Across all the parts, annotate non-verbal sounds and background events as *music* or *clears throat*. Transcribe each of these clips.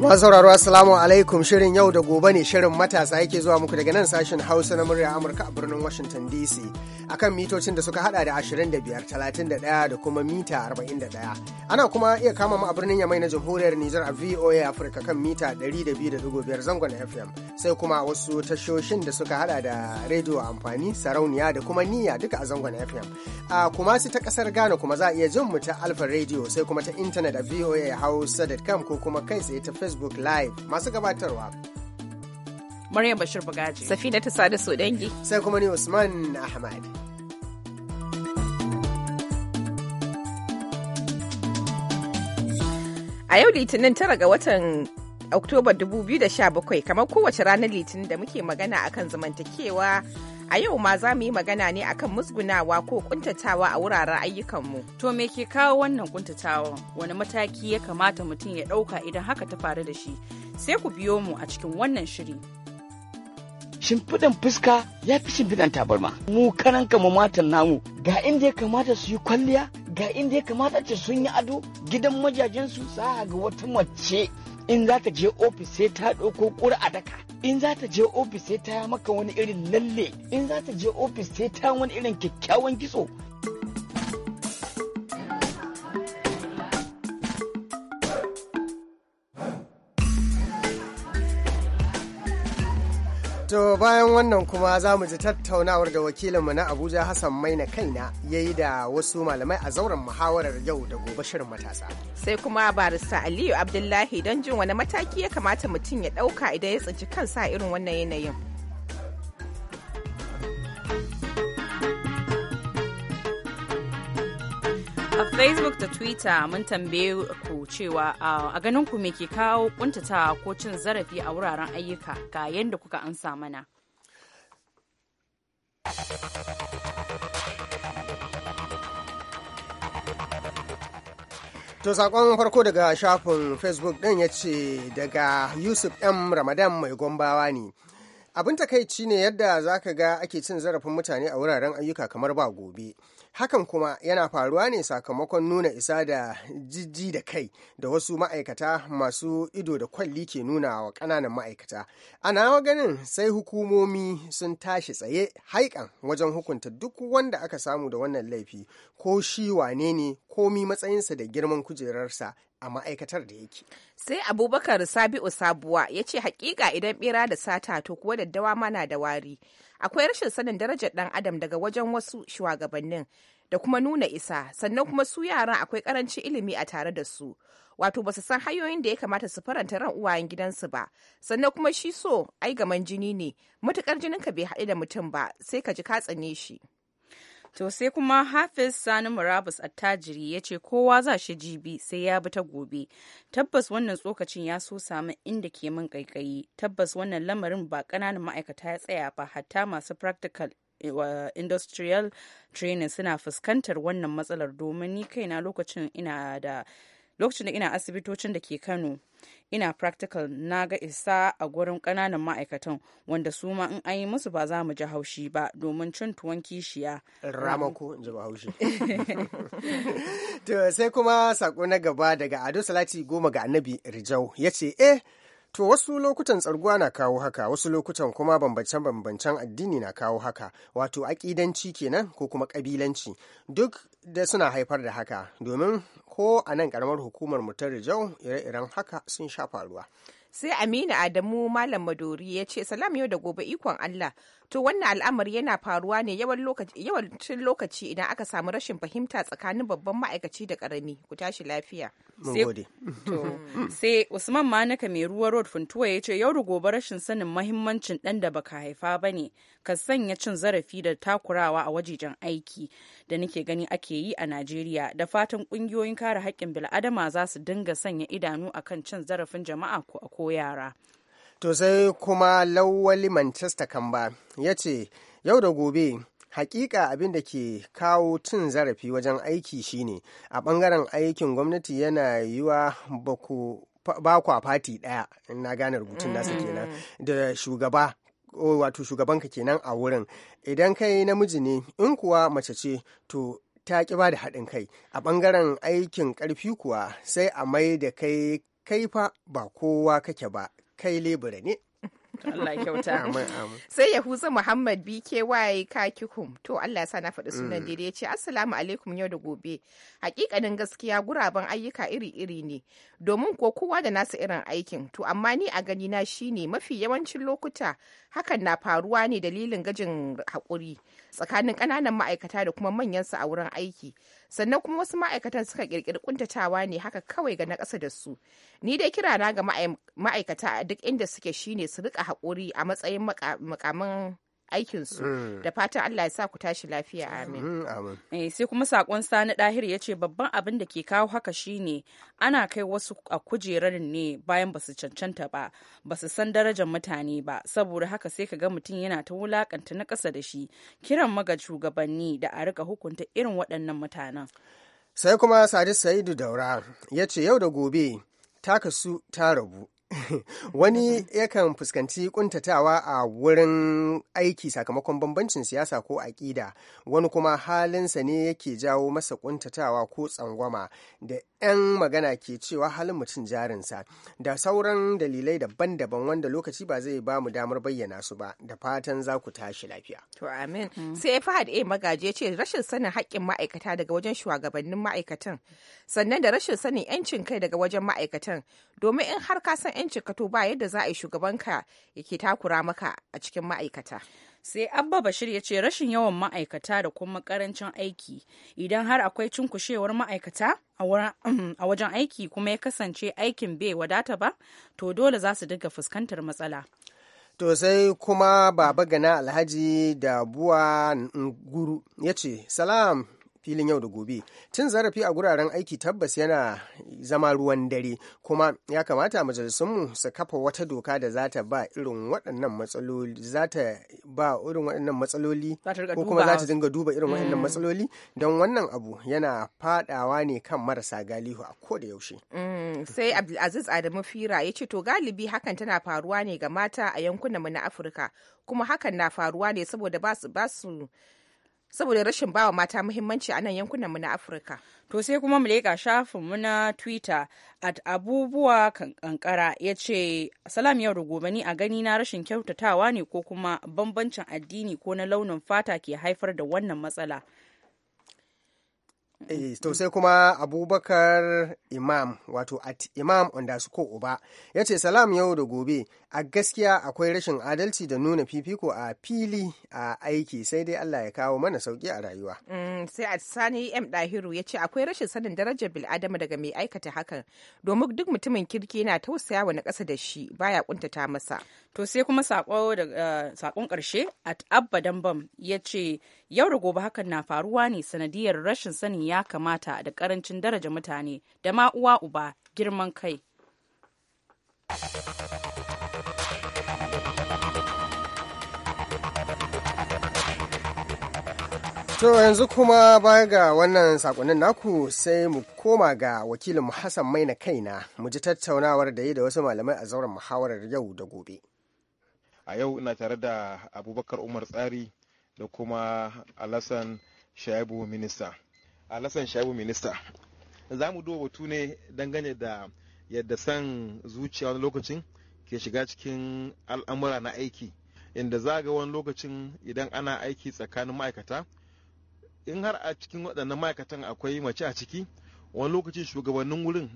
Masu sauraro Assalamu alaikum shirin yau da gobe ne shirin matasa yake zuwa muku daga nan sashen Hausa na murya Amurka a birnin Washington DC akan mitocin da suka hada da 25, 31 da kuma mita 41. Ana kuma iya kama mu a birnin Yamai na Jamhuriyar Nijar a VOA Africa kan mita 102.5 zangon FM sai kuma wasu tashoshin da suka hada da rediyo amfani sarauniya da kuma niyya duka a zangon FM. A kuma su ta kasar Ghana kuma za a iya jin mu ta Alfa Radio sai kuma ta intanet a voahausa.com ko kuma kai tsaye ta Facebook Live masu gabatarwa. Maryam Bashir Bugaji. Safina ta sada dangi. Sai kuma ni Usman Ahmad. A yau Litinin tara ga watan Oktoba 2017 kamar kowace ranar Litinin da muke magana akan zamantakewa a yau ma za mu yi magana ne akan musgunawa ko kuntatawa a wuraren ayyukanmu. To me ke kawo wannan kuntatawa wani mataki ya kamata mutum ya ɗauka idan haka ta faru da shi sai ku biyo mu a cikin wannan shiri. Shimfiɗan fuska ya fi shimfiɗan tabarma. Mu kanan kama matan namu ga inda ya kamata su yi kwalliya ga inda ya kamata ce sun yi ado gidan majajensu sa ga wata mace in za ta je ofis sai ta ɗauko ƙura daka in za ta je ofis sai ta maka wani irin lalle in za ta je ofis sai ta wani irin kyakkyawan kitso To bayan wannan kuma za mu ji tattaunawar da wakilinmu na Abuja Hassan mai na kaina ya yi da wasu malamai a zauren muhawarar yau da gobe shirin matasa. Sai kuma barista Aliyu Abdullahi don jin wani mataki ya kamata mutum ya ɗauka idan ya tsinci kansa irin wannan yanayin. facebook da twitter mun tambaye ku cewa a ganin ku me ke kawo kuntata ko cin zarafi a wuraren ayyuka ga yadda kuka ansa mana To sakon farko daga shafin Facebook ɗin ya ce daga Yusuf M. Ramadan mai gombawa ne. Abin takaici ne yadda za ka ga ake cin zarafin mutane a wuraren ayyuka kamar ba gobe. hakan kuma yana faruwa ne sakamakon nuna isa da jijji da kai da wasu ma'aikata masu ido da kwalli ke nuna wa ƙananan ma'aikata ana ganin sai hukumomi sun tashi tsaye haikan wajen hukunta duk wanda aka samu da wannan laifi ko shi wane ne komi matsayinsa da girman kujerarsa a ma'aikatar da yake. Sai Abubakar Sabi'u Sabuwa ya ce hakika idan bera da sata to kuwa daddawa mana da wari. akwai rashin sanin darajar dan adam daga wajen wasu shugabannin da kuma nuna isa sannan kuma su yaran akwai karancin ilimi a tare da su wato ba su san hanyoyin da ya kamata su faranta ran uwayen gidansu ba sannan kuma shi so ai gaman jini ne matukar ka bai haɗu da mutum ba sai ka ji ka tsane shi To sai kuma Hafiz Sani Murabus attajiri ya ce kowa za shi jibi sai ya bi ta gobe. Tabbas wannan tsokacin ya so samu inda ke min kaikayi. Tabbas wannan lamarin ba ƙananan ma'aikata ya tsaya ba hatta masu practical eh, industrial training suna fuskantar wannan matsalar domin ni kaina lokacin ina da lokacin da ina asibitocin da ke kano ina practical na ga isa a gurin kananan ma'aikatan wanda su ma in an yi musu ba za mu ji haushi ba domin cin tuwon kishiya ramako in ji haushi *laughs* to sai kuma sako na gaba daga ado salati goma ga annabi rijau ya ce eh To wasu lokutan tsarguwa na kawo haka, wasu lokutan kuma bambancen bambancen addini na kawo haka, wato aƙidanci kenan ko kuma ƙabilanci. Duk da suna haifar da haka, domin ko a nan ƙaramar hukumar mu ta Rijau ire-iren haka sun sha faruwa. Sai Aminu Adamu Malam Madori ya ce, Salam yau da gobe ikon Allah, To wannan al'amari yana faruwa ne yawancin lokaci idan aka samu rashin fahimta tsakanin babban ma'aikaci da karami ku tashi lafiya. Mm. Mm. Sai Usman Manuka mai ruwa road funtuwa ya ce yau gobe rashin sanin mahimmancin ɗan da baka haifa ba ne ka sanya cin zarafi da takurawa a wajejen aiki da nake gani ake yi a Najeriya da fatan ƙungiyoyin kare haƙƙin bil'adama za su dinga sanya idanu akan cin zarafin jama'a ko yara. to sai kuma lawali manchester kamba ya ce yau da gobe hakika abin da ke kawo cin zarafi wajen aiki shine a bangaren aikin gwamnati yana yiwa baku fati daya na gane rubutun nasa mm-hmm. kenan da shugaba wato shugabanka kenan a wurin idan kai namiji ne in kuwa mace ce to ta ki ba da haɗin kai a bangaren aikin ƙarfi kuwa sai a mai da kai kai fa ba kowa kake ba kai lebura ne Allah kyauta. *laughs* Sai Yahuza Muhammad BKY Kakikum. To Allah sa na faɗi sunan mm. daidai ya ce Assalamu alaikum yau da gobe. Hakikanin gaskiya guraben ayyuka iri-iri ne. Domin ko kowa da nasu irin aikin. To amma ni a gani na shine mafi yawancin lokuta hakan na faruwa ne dalilin gajin haƙuri tsakanin ƙananan ma'aikata da kuma manyansu a wurin aiki. sannan kuma wasu ma'aikatan suka kirkiri kuntatawa ne haka kawai ga na ƙasa da su ni dai kirana ga ma'aikata a duk inda suke shine su rika haƙuri a matsayin makaman aikinsu mm. da fatan Allah ya sa ku tashi lafiya amin mm, eh, sai kuma sakon sani dahir ya ce babban abin da ke kawo haka shine ana kai wasu a kujerar ne bayan basu cancanta ba basu san darajar mutane ba saboda haka sai ka ga mutum yana ta wulakanta na ƙasa da shi kiran maga shugabanni da a rika hukunta irin waɗannan mutanen sai kuma sadi saidu daura ya ce yau da gobe taka su ta rabu *laughs* wani yakan fuskanci kuntatawa a wurin aiki sakamakon bambancin siyasa ko aƙida wani kuma halinsa ne yake jawo masa kuntatawa ko tsangwama da 'yan magana ke cewa halin mutum jarinsa da sauran dalilai daban-daban wanda lokaci ba zai ba mu damar bayyana su ba da fatan za ku tashi lafiya. To amin. Mm. Sai Fahad A magaji ce rashin sanin haƙƙin ma'aikata daga wajen shugabannin ma'aikatan sannan da rashin sanin 'yancin kai daga wajen ma'aikatan domin in har ka san 'yancin ka to ba yadda za a yi shugabanka yake takura maka a cikin ma'aikata. sai abba bashir ya ce rashin yawan ma'aikata da kuma karancin aiki idan har akwai cunkushewar ma'aikata *clears throat* a wajen aiki kuma ya kasance aikin bai wadata ba to dole za su diga fuskantar matsala to sai kuma baba gana alhaji da buwa nguru ya ce salam filin yau da gobe cin zarafi a guraren aiki tabbas yana zama ruwan dare kuma ya kamata majalisunmu su kafa wata doka da za ta ba irin waɗannan matsaloli za ta ba irin waɗannan matsaloli ko kuma za ta dinga duba irin waɗannan mm. matsaloli don wannan abu yana fadawa ne kan marasa galihu a ko da yaushe mm, sai abdulaziz adamu fira ya ce to galibi hakan tana faruwa ne ga mata a yankunanmu na afirka kuma hakan na faruwa ne saboda ba su saboda rashin bawa mata muhimmanci a nan yankunanmu na afirka to sai kuma mu leƙa shafinmu na twitter at abubuwa kankara ya ce salam yau da gobe ni a gani na rashin kyautatawa ne ko kuma bambancin addini ko na launin fata ke haifar da wannan matsala Eh, mm-hmm. to sai kuma abubakar imam wato at imam underscore uba ya ce salam yau da gobe a gaskiya akwai rashin adalci da nuna fifiko a fili a aiki sai dai allah ya kawo mana sauki a rayuwa mm, sai a sani m dahiru ya ce akwai rashin sanin darajar bil'adama daga mai aikata hakan domin duk mutumin kirki yana tausaya wani na ƙasa da shi baya kuntata masa to sai kuma sako da eh, sakon karshe at abba dambam ya ce yau da gobe hakan na faruwa ne sanadiyar rashin sanin ya kamata da karancin daraja mutane da ma uwa uba girman kai. To yanzu kuma baya ga wannan sakonnin naku sai mu koma ga wakilin Hassan mai na kaina mu ji tattaunawar da yi da wasu malamai a zauren muhawarar yau da gobe. A yau ina tare da Abubakar Umar Tsari da kuma Alasan Shaibu Minista. alasan shabu minista za mu duba batu ne dangane da yadda san zuciya wani lokacin ke shiga cikin al'amura na aiki inda za ga wani lokacin idan ana aiki tsakanin ma'aikata in har a cikin waɗannan ma'aikatan akwai mace a ciki wani lokacin shugabannin wurin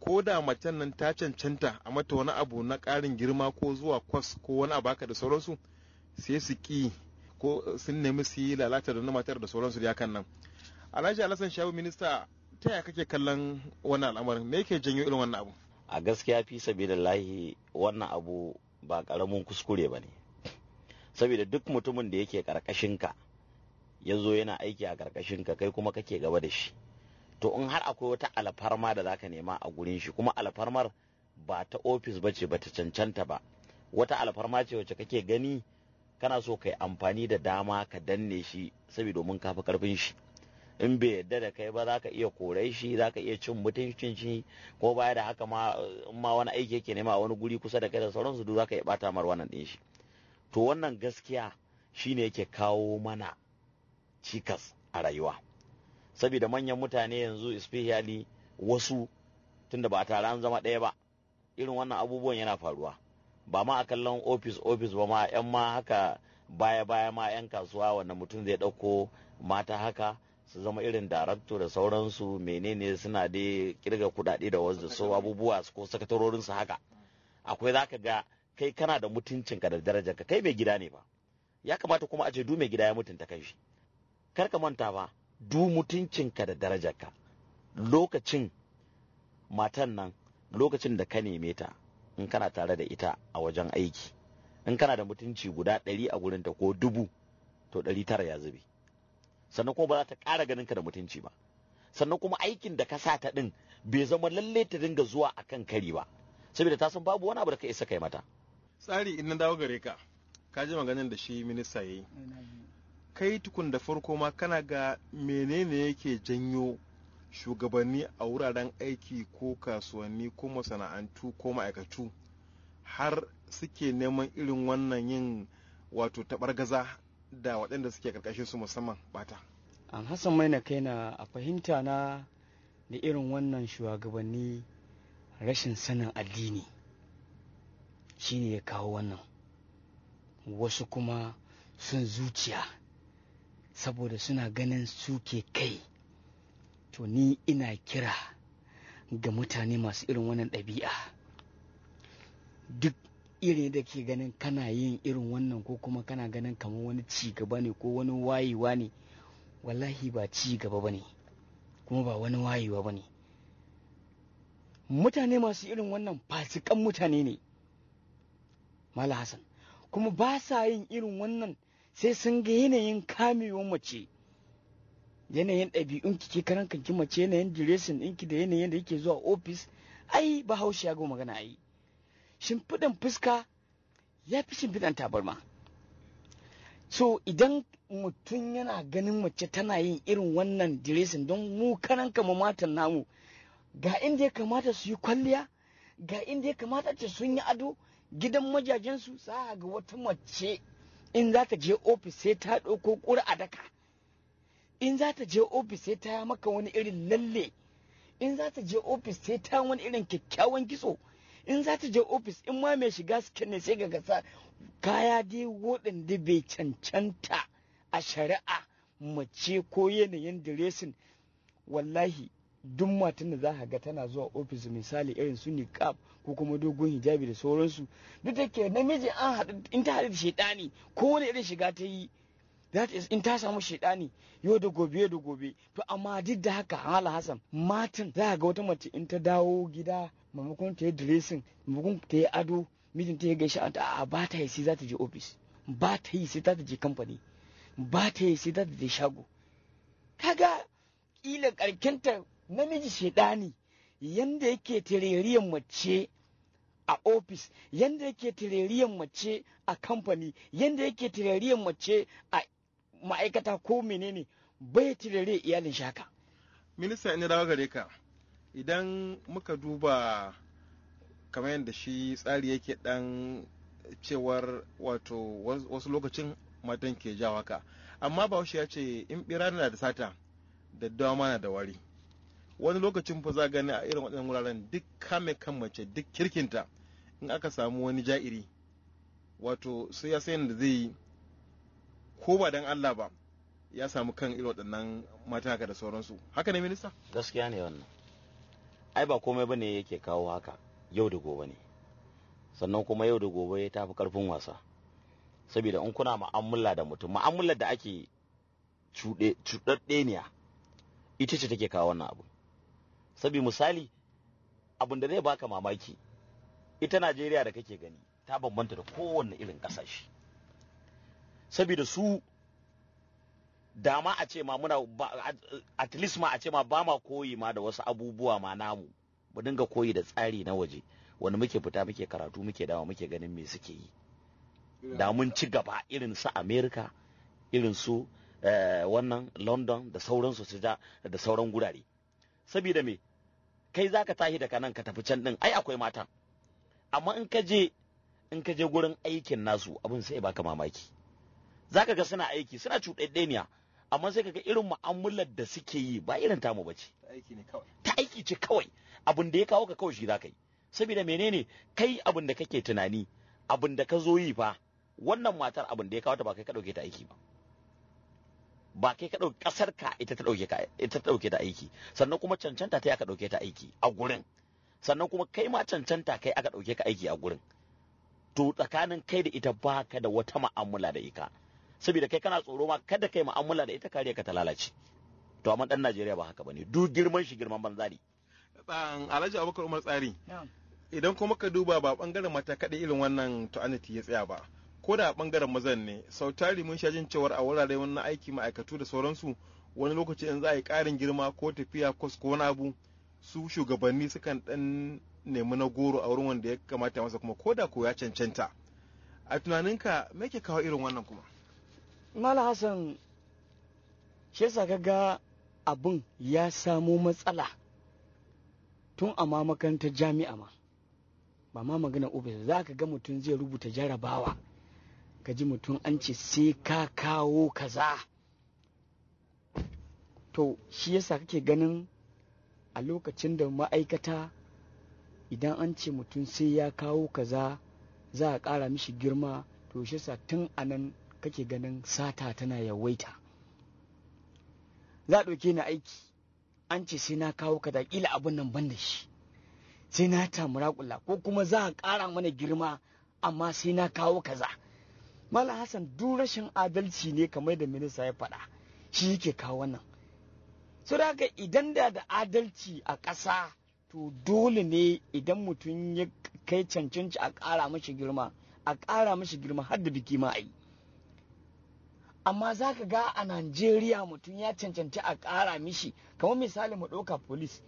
ko da macen nan ta cancanta a mata wani abu na ƙarin girma ko zuwa kwas ko wani abu haka da sauransu sai su ƙi ko sun nemi su yi lalata da matar da sauransu da kan nan alhaji alasan shabu minista ta yaya kake kallon wannan al'amarin me yake janyo irin wannan abu a gaskiya fi sabida lahi wannan abu ba karamin kuskure ba ne saboda duk mutumin da yake ka ya zo yana aiki a karkashin ka kai kuma kake gaba da shi to in har akwai wata alfarma da zaka nema a gurin shi kuma alfarmar ba ta ofis ba ce ba ta cancanta ba wata alfarma ce wacce kake gani kana so kai amfani da dama ka danne shi saboda domin kafi karfin shi in bai yadda da kai ba za ka iya kore shi za ka iya cin mutuncin shi ko baya da haka ma wani aiki yake nema wani guri kusa da kai da sauransu duk za ka iya bata mar wannan din shi to wannan gaskiya shine yake kawo mana cikas a rayuwa saboda manyan mutane yanzu especially wasu tunda ba tare an zama ɗaya ba irin wannan abubuwan yana faruwa ba ma a kallon ofis ofis ba ma yan ma haka baya baya ma yan kasuwa wanda mutum zai ɗauko mata haka su zama irin darakto da sauransu menene suna da kirga kudade da wasu so abubuwa ko sakatarorin su haka akwai zaka ga kai kana da mutuncinka da darajarka kai mai gida ne fa? ya kamata kuma a ce du mai gida ya mutunta kanshi kar ka manta ba du mutuncinka da darajar ka lokacin matan nan lokacin da ka neme ta in kana tare da ita a wajen aiki in kana da mutunci guda ɗari a gurinta ko dubu to ɗari tara ya zube sannan kuma ba za ta ƙara ganin ka da mutunci ba sannan kuma aikin da ka sa ta din bai zama lalle ta dinga zuwa akan kari ba saboda ta san babu wani abu da ka isa kai mata tsari in na dawo gare ka ka ji maganin da shi minista yayi kai tukun da farko ma kana ga menene yake janyo shugabanni a wuraren aiki ko kasuwanni ko masana'antu ko ma'aikatu har suke neman irin wannan yin wato tabar-gaza. da waɗanda suke karkashin su musamman bata hassan mai na kaina a fahimta na da irin wannan shugabanni rashin sanin addini shine ya kawo wannan wasu kuma sun zuciya saboda suna ganin suke kai to ni ina kira ga mutane masu irin wannan ɗabi'a duk iri da ke ganin kana yin irin wannan ko kuma kana ganin kamar wani ci gaba ne ko wani wayewa ne wallahi ba ci gaba ba ne kuma ba wani wayewa ba ne mutane masu irin wannan fasikan mutane ne mala hassan kuma ba sa yin irin wannan sai sun ga yanayin kamewar mace yanayin ɗabi'un ke karan kanki mace yanayin diresin ɗinki da yanayin da yake zuwa ofis ai ba haushi ya ga magana ai shimfiɗan fuska ya fi shimfiɗan tabarma so idan mutum yana ganin mace tana yin irin wannan diresin don mu kanan kama matan namu ga inda ya kamata su yi kwalliya ga inda ya kamata ce sun yi ado gidan majajensu a ga wata mace in za ta je ofis sai ta ɗauko ƙura daka in za ta je ofis sai ta maka wani irin lalle in za ta je ofis sai ta wani irin kyakkyawan kitso in za ta je ofis in ma mai shiga suke ne sai ga gasa kaya dai waɗanda bai cancanta a shari'a mace ko yanayin diresin wallahi duk matan da za ga tana zuwa ofis misali irin su niqab ko kuma dogon hijabi da sauransu duk da ke namiji an haɗu in ta haɗu da shaidani ko wani irin shiga ta yi in ta samu shaidani yau da gobe yau da gobe to amma duk da haka hala hasan matan za ga wata mace in ta dawo gida maimakon ta yi dressing maimakon ta yi ado mijin ta ya gaishe a ta ba ta yi sai za ta je ofis ba ta yi sai za ta je kamfani ba ta yi sai za ta je shago kaga kila karkinta namiji shedani yanda yake tireriyan mace a ofis yanda yake tireriyan mace a kamfani yanda yake tireriyan mace a ma'aikata ko menene bai tirere iyalin shaka minista ina dawo gare ka idan muka duba kamar yadda shi tsari yake dan cewar wato wasu lokacin matan ke jawo haka amma ba ya ce in bira na da sata da dama na da wari wani lokacin fa za gani a irin waɗannan wuraren duk kame kan mace duk kirkinta in aka samu wani ja'iri wato sai ya sayan da zai yi ko ba dan Allah ba ya samu kan irin waɗannan mata haka da sauransu haka ne minista gaskiya ne wannan ai ba komai bane yake kawo haka yau da gobe ne sannan kuma yau da gobe ta fi karfin wasa saboda in kuna ma'amula da mutum ma'amalar da ake cuɗaɗɗeniya ita ce take kawo wannan abu sabi misali abin da zai baka mamaki ita najeriya da kake gani ta bambanta da kowanne irin ƙasashe saboda su dama a ce ma muna at least ma a ce ma ba ma koyi ma da wasu abubuwa ma namu mu dinga koyi da tsari na waje wani muke fita muke karatu muke dawa muke ganin me suke yi da mun ci gaba irin su america irin su eh, wannan london da sauransu su da sauran gurare saboda me kai za ka daga nan ka tafi can din ai akwai matan amma in ka je in ka je gurin aikin nasu abin sai baka mamaki zaka ga suna aiki suna cuɗaɗɗeniya amma sai kaga irin mu'amalar da suke yi ba irin tamu bace ta aiki ne kawai ta aiki ce kawai abin da ya kawo ka kawai shi ka yi saboda menene kai abin da kake tunani abin da ka zo yi fa wannan matar abin da ya kawo ta ba kai ka dauke ta aiki ba ba kai ka dauke kasar ka ita ta dauke ka ita ta dauke ta aiki sannan kuma cancanta ta aka dauke ta aiki a gurin sannan kuma kai ma cancanta kai aka dauke ka aiki a gurin to tsakanin kai da ita baka da wata mu'amala da ita saboda kai kana tsoro ma kada kai mu'amala da ita kariya ka ta lalace to amma dan Najeriya ba haka bane duk girman shi girman banza ne. ban Alhaji Abubakar Umar Tsari idan kuma ka duba ba bangaren mata kadai irin wannan to anati ya tsaya ba ko da bangaren mazan ne sau tari mun jin cewar a wurare wannan aiki ma'aikatu da sauransu wani lokaci in za a yi karin girma ko tafiya ko wani abu su shugabanni sukan dan nemi na goro a wurin wanda ya kamata masa kuma ko da ko ya cancanta a tunaninka me ke kawo irin wannan kuma mala hassan shi yasa kaga abin ya samo matsala tun a makarantar jami'a ma ba ma magana ofis za ka ga mutum zai rubuta jarabawa ka ji mutum an ce sai ka kawo kaza to shi yasa kake ganin a lokacin da ma'aikata idan an ce mutum sai ya kawo kaza za a ƙara mishi girma to shi yasa tun a nan kake ganin sata tana yawaita za a ɗauke ni aiki an ce sai na kawo ka da ƙila abin nan ban da shi sai na tamura kula ko kuma za a ƙara mana girma amma sai na kawo kaza mala Hassan duk rashin adalci ne kamar da minista ya faɗa shi yake kawo wannan Su da haka idan da da adalci a ƙasa to dole ne idan mutum ya kai cancanci a ƙara mashi girma a ƙara mashi girma har da biki ma a yi amma za ka ga a najeriya mutum ya cancanci a ƙara mishi kamar misali mu ɗauka polis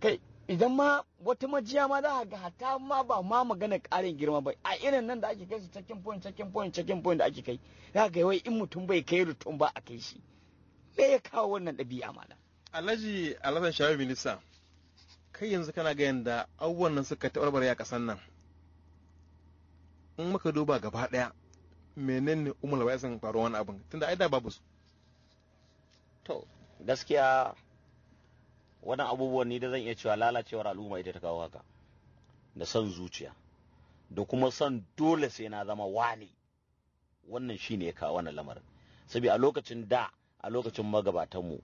kai idan ma wata majiya ma za a ga hata ma ba ma magana ƙarin girma ba a irin nan da ake kai su cikin point cikin point cikin point da ake kai za ga wai in mutum bai kai rutun ba a kai shi me ya kawo wannan ɗabi'a mala alhaji alhassan shawar minista kai yanzu kana ga yanda abubuwan nan suka taɓarɓare a ƙasar nan in muka duba gaba ɗaya menene umar bayan faruwar wani abin tunda ai da babu su to gaskiya wani abubuwan ni da zan iya cewa lalacewar al'umma ita ta kawo haka da son zuciya da kuma son dole sai na zama wani wannan shine ya kawo wannan lamarin sabi a lokacin da a lokacin magabatanmu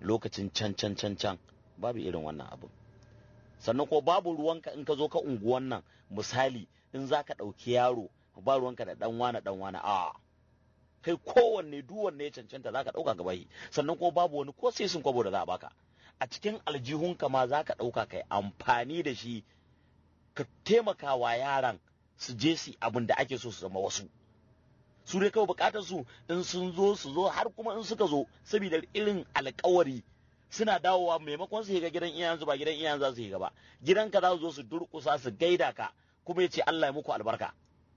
lokacin can can can can babu irin wannan abu. sannan ko babu ruwanka in ka zo ka unguwan nan misali in za ka ɗauki yaro ba ruwanka da dan wane dan wane a kai kowanne duwanne ya cancanta zaka dauka gaba yi sannan kuma babu wani ko sai sun kwabo da za a baka a cikin aljihunka ma zaka dauka kai amfani da shi ka taimaka wa yaran su je su abin da ake so su zama wasu su dai kawai bukatar su in sun zo su zo har kuma in suka zo saboda irin alkawari suna dawowa maimakon su shiga gidan iyayen zuba, ba gidan iyayen za su shiga ba gidanka za su zo su durkusa su gaida ka kuma ya ce Allah ya muku albarka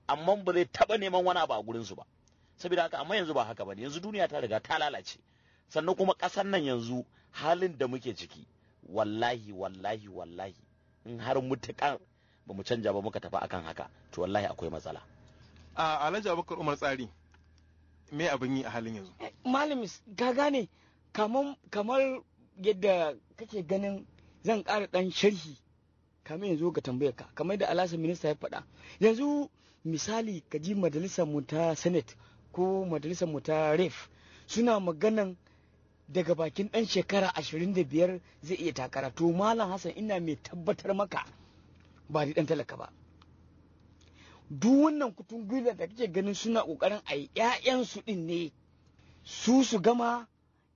amma ba zai taɓa neman wani abu a gurinsu ba saboda haka amma yanzu ba haka ba ne yanzu duniya ta riga ta lalace sannan kuma ƙasar nan yanzu halin da muke ciki wallahi wallahi wallahi in har mutukan ba mu canja ba muka tafi akan haka to wallahi akwai matsala a alhaji abubakar umar tsari me abin yi a halin yanzu malamis ga gane kamar yadda kake ganin zan ƙara ɗan sharhi kamar yanzu ga tambayar ka kamar da alasa minista ya faɗa yanzu misali ka ji majalisar mu ta senate ko majalisar mu ta ref suna maganan daga bakin dan shekara 25 zai iya takara to malam hassan ina mai tabbatar maka ba da dan talaka ba duk wannan kutun gwiwa da kake ganin suna kokarin a ‘ya'yansu din ne su su gama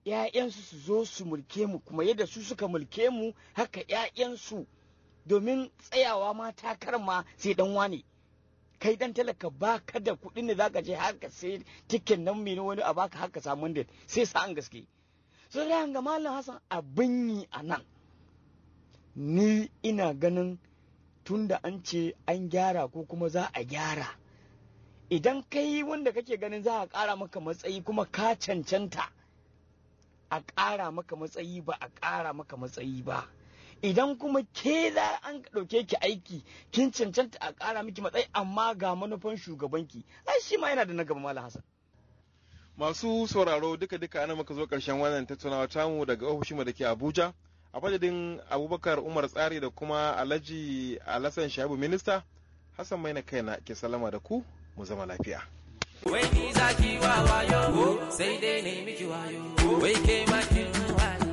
‘ya'yansu su zo su mulke mu kuma yadda su suka mulke mu haka ‘ya'yansu domin tsayawa ma takar sai dan wane kai dan talaka ba ka da kuɗin da zaka je har ka sai tikin nan mene wani a baka har ka samu din sai sa an gaske so da hanga malam Hassan abin yi a nan ni ina ganin tunda an ce an gyara ko kuma za a gyara idan kai wanda kake ganin za a ƙara maka matsayi kuma ka cancanta a ƙara maka matsayi ba a ƙara maka matsayi ba idan kuma ke za an ɗauke ki aiki kin cancanta a ƙara miki matsayi amma ga manufan shugabanki ai shi ma yana da na gaba malam hasan masu sauraro duka duka ana muka zo karshen wannan tattaunawa tamu daga ofishin da ke abuja a fadadin abubakar umar tsari da kuma alhaji alhassan shahibu minista hassan maina kaina ke salama da ku mu zama lafiya wai ni zaki wa wayo sai dai ne miki wayo wai ke makin wayo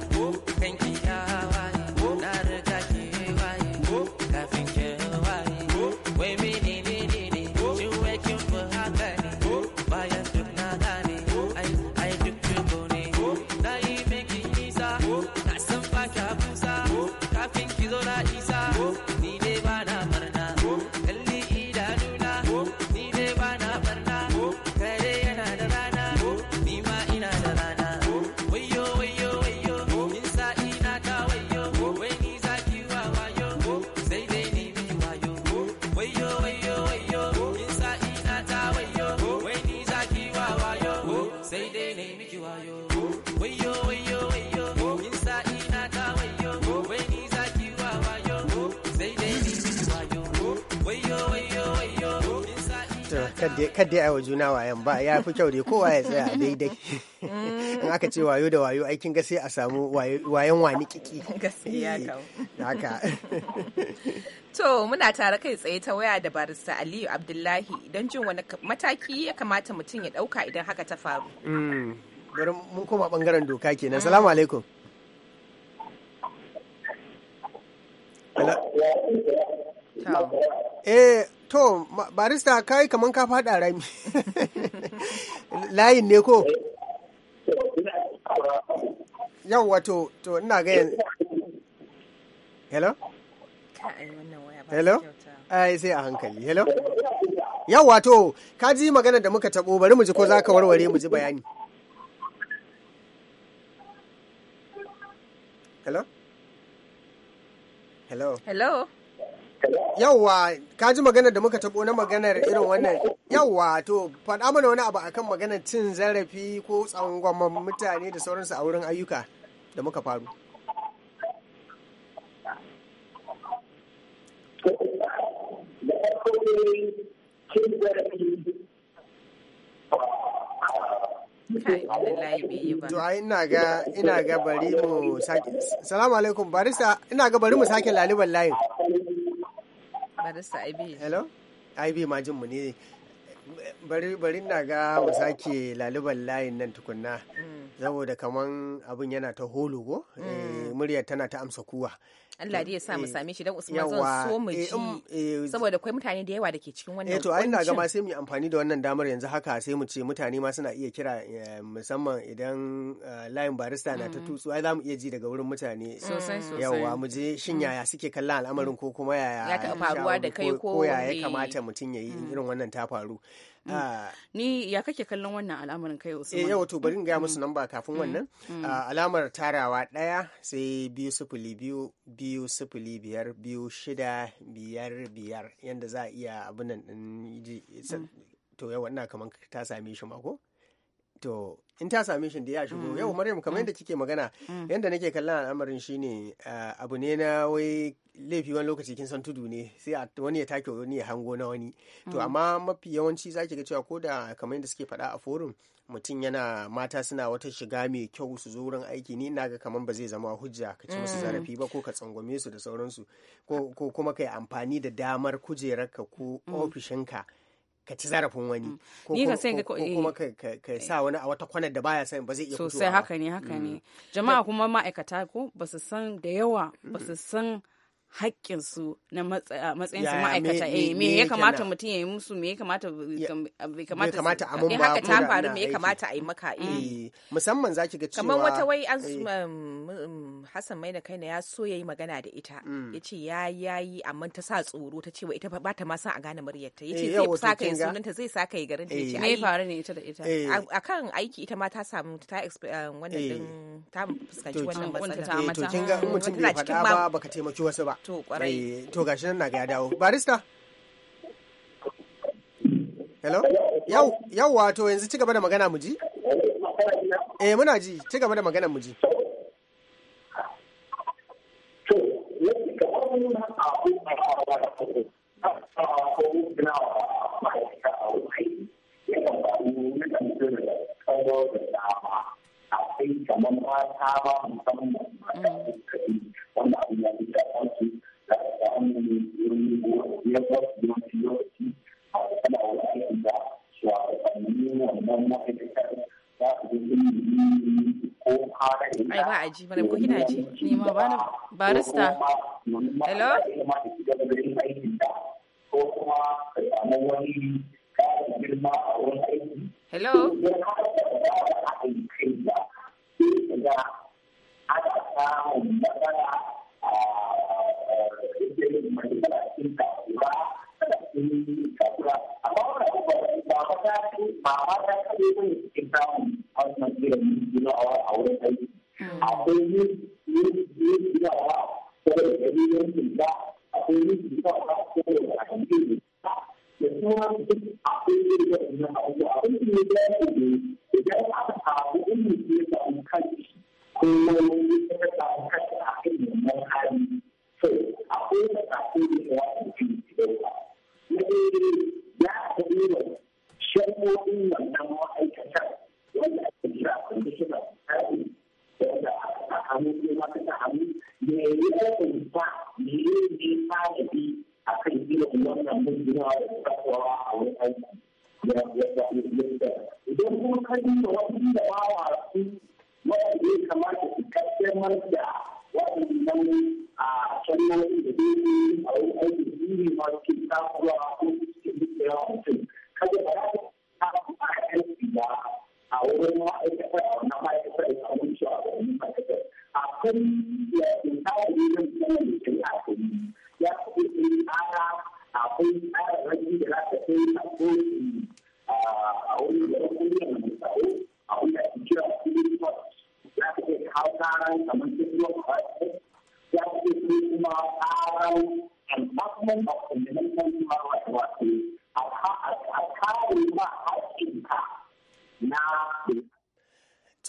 kar dai wa juna wayan ba ya fi kyau dai kowa ya tsaya daidai mm. in aka ce wayo da wayo aikin ga a samu wayan wani kiki gaskiya eh, haka *laughs* to muna tare kai tsaye ta waya da barista Aliyu Abdullahi don jin wani mataki ya kamata mutum ya dauka idan haka ta faru mm. bari mun koma bangaren doka kenan salamu alaikum eh To, barista kai kaman ka faɗa rami. Layin ne ko? Yau wato, to ina ga yanzu. Hello? Hello? Ai sai a hankali. Hello? Yau wato, ka ji magana da muka taɓo bari mu ji ko za ka warware mu ji bayani. Hello? Hello? Hello? Yawwa, ka ji magana da muka taɓo na maganar irin wannan. Yawwa, to faɗa mana wani abu akan maganar cin zarafi ko tsangwamman mutane da sauransu a wurin ayyuka da muka faru. Du'a ina ga ina ga bari mu sake. Salamu alaikum barista ina ga bari mu sake laliban layin. barista IB. Hello? IB ma mu ne. Bari na ga mu sake laluban layin nan tukunna. Mm. Saboda kaman abin yana ta holo go. Eh, mm. Muryar tana ta amsa kuwa. Allah da ya sa mu eh, eh, same shi dan Usman zan so mu eh, ji um, saboda kwai mutane da yawa da ke cikin wannan. Eh to ai na ga ma sai mu amfani da wannan damar yanzu haka sai mu ce mutane ma suna iya kira musamman idan layin barista na ta mm. tutsu ai za mu iya ji daga wurin mutane. Mm. Sosai sosai. Yawa mu je shin mm. yaya suke kallon al'amarin ko kuma yaya ya taɓa faruwa da kai ko ya kamata mutum yayi irin wannan ta faru. Mm. Ah. ni ya kake kallon wannan al'amarin kai usman eh yau to bari in ga mm. musu namba kafin mm. wannan ah, alamar tarawa daya sai biyu sifili biyu biyu sifili biyar biyu shida biyar biyar yanda za a iya abin nan to yau wannan kamar ta same shi mako to in ta same shi da ya shigo yau maryam kamar yadda kike magana yadda nake kallon al'amarin shine ah, abu ne na wai laifi wani lokaci kin san tudu ne sai wani ya take wani ya hango na wani to mm. amma mafi yawanci zaki ga cewa ko da kamar yadda suke faɗa a forum mutum yana mata suna wata shiga mai kyau su zo wurin aiki ni na ga kamar ba zai zama hujja ka ci musu mm. zarafi ba ko ka tsangwame su da sauransu ko kuma ka yi amfani da damar kujerarka ko mm. ofishinka ka ci zarafin wani ko kuma eh. ka sa wani a wata kwanar da baya san ba zai iya fitowa sosai haka ne haka ne jama'a kuma ma'aikata ko ba su san da yawa ba su san haƙƙinsu na matsayin su ma'aikata eh me ya kamata mutum ya yi musu me ya kamata bai kamata a mun ba haka ta faru me ya kamata a yi maka eh, eh musamman zaki ga cewa kamar wata wai an eh, um, um, Hassan mai da kaina ya so yayi magana da ita yace mm. ya yayi amma ta sa tsoro ta ce wa ita ba ta ma san a gane muryar ta yace eh, zai saka yin sunanta zai saka yi garin ta yace ai faru ne ita da ita akan aiki ita ma ta samu ta um, wannan din ta fuskanci wannan matsala to kinga mutum bai faɗa ba baka taimaki wasu ba to kwarai eh, to gashi nan na ga ya dawo barista hello yau yau wato yanzu ci gaba da magana mu ji eh muna ji ci gaba da magana mu ji Mm. ai ba a ji mana ko kina ji ni ma ba barista hello ne mu kuma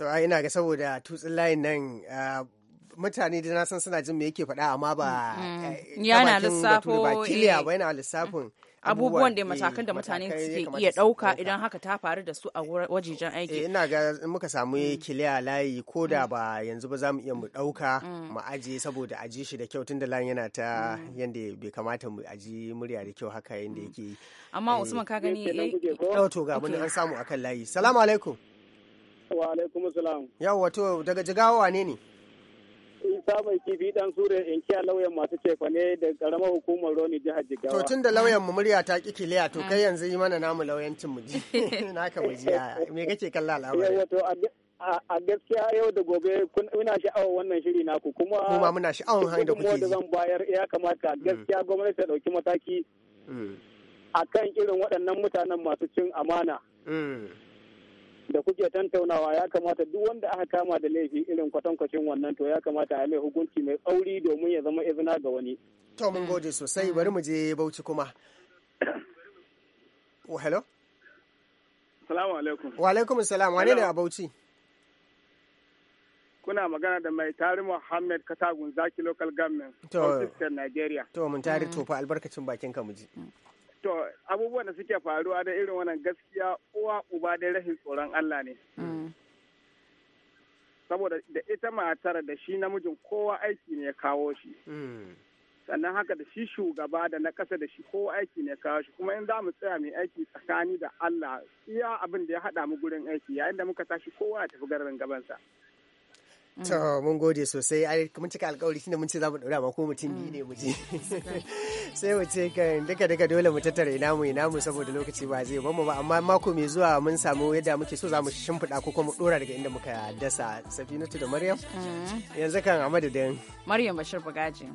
a ina ga saboda tutsin layin nan ah, mutane da na san suna jin me yake faɗa amma ba mm, mm. Eh, yana lissafo ba kiliya eh, ba yana lissafin abubuwan da matakan da eh, mutane suke iya ɗauka idan haka ta faru da su a wajejen aiki. Ina ga muka samu mm. kiliya layi ko da ba yanzu ba za mu iya mu ɗauka mu aje saboda aje shi da kyau tun da layin yana ta yanda bai kamata mu aje murya da kyau haka yanda yake. Amma Usman ka gani. to ga mun an samu akan layi. assalamu alaikum. Wa alaikum salam. daga jigawa ne ne? Isa mai kifi dan sure in lauyan masu cefa da karamar hukumar Roni jihar Jigawa. To tun lauyan mu murya ta ki kiliya to ah. kai yanzu yi mana namu lauyancin ji. a gaskiya yau da gobe muna sha'awar wannan shiri naku kuma kuma muna sha'awar hanyar da kuke zan bayar ya kamata hmm. gaskiya gwamnati ta dauki mataki hmm. akan irin waɗannan mutanen masu cin amana. Hmm. da kuke tantaunawa ya kamata duk wanda aka kama da laifi irin kwatankwacin wannan to ya kamata a mai hukunci mai tsauri domin ya zama izina ga wani. To mun gode sosai bari mu je Bauchi kuma. Oh, hello? Salamu alaikum. Wa alaikum salam wane ne a Bauchi? Kuna magana da mai tari Muhammad Katagun Zaki Local Government, To. Nigeria. To mun tari mm. tofa albarkacin bakin ka mu ji. to abubuwan da suke faruwa da irin wannan gaskiya uwa uba da rashin tsoron Allah ne mm. saboda da ita matar da shi namijin kowa aiki ne ya kawo shi mm. sannan haka da shi shugaba da na kasa da shi kowa aiki ne ya kawo shi kuma in za mu tsaya mai aiki tsakani da Allah iya abin da ya haɗa mu gurin aiki yayin da muka tashi kowa ya tafi garin gabansa. To mun gode sosai a mun cika alkawari tunda mun ce za mu dora ma ko mutum biyu ne mu je. Mm. Sai mu ce kan duka duka dole mu tattara ina mu ina mu saboda lokaci ba zai bamu ba amma mako mai zuwa mun samu yadda muke so za mu shimfiɗa ko kuma ɗora daga inda muka dasa Safinatu da Maryam. Mm. Yanzu kan a madadin. Maryam Bashir Bagaji.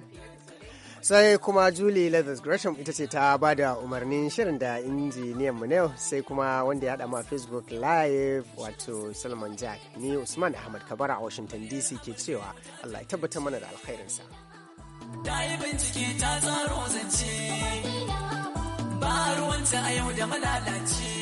sai kuma julie leathers gresham ita ce ta ba da umarnin shirin da injiniyan mu yau sai kuma wanda ya ma facebook live wato salman jack ni usman ahmad kabara a washington dc ke cewa allah ya tabbatar mana da alkhairinsa ta yi ruwanta a yau da malalaci